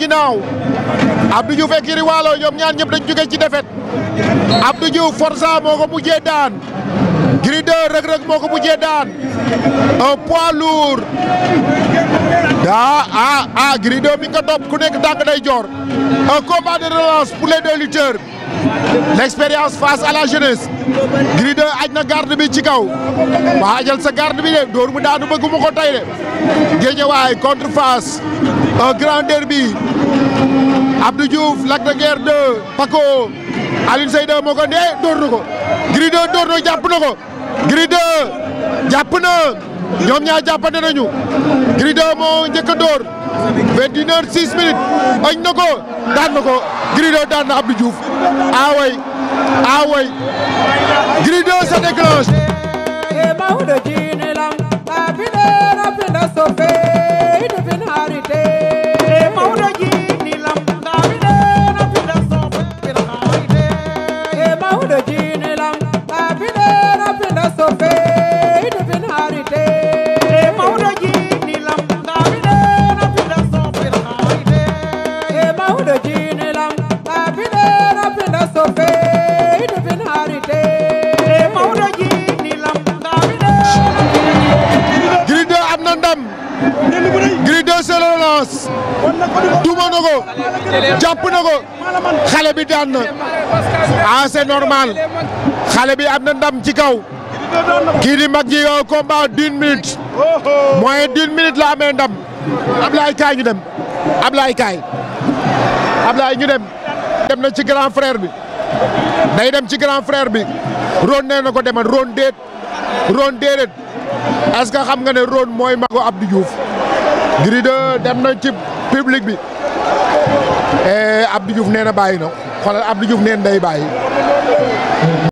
ginnaaw Abdou Diouf ak Kiri Waalo ñoom ñaar ñëpp dañ jóge ci défaite Abdou Diouf Forza moo ko mujjee daan Gris 2 Reug Reug moo ko mujjee daan un poids daa ah, ah ah Gris mi nga ku nekk tànk day joor un combat de relance pour l'expérience face à la jeunesse aj na garde bi ci kaw waajal sa garde bi de dóor mu daanu bëgguma ko tey de Guédiawaye contre Fass un grand derby Abdou Diouf Lac de Guiers 2 Paco Alioune Seye moo ko ndee dóor na ko Gris 2 na jàpp na ko Gris jàpp na ñoom ñaar jàppante nañu Gris moo njëkk a dóor vingt na ko daan na ko Gris daan na Abdou Diouf ah oui ah oui Gris 2 se déclenche. Gris 2 Seul la lance na ko jàpp na ko xale bi daan na ah c'est normal bi am na ndam ci kaw kii di mag ji combat d'une minute moins d'une minute la amee ndam Ablaye kaay ñu dem Ablaye kaay Ablaye ñu dem dem na ci grand frère bi day dem ci grand frère bi ron nee na ko demal ron déet ron déedéet est-ce xam nga ne ron mooy mago Abdou Diouf Gris 2 dem na ci public bi eh, Abdou Diouf neen a bàyyi na xoolal Abdou Diouf nee na day bàyyi.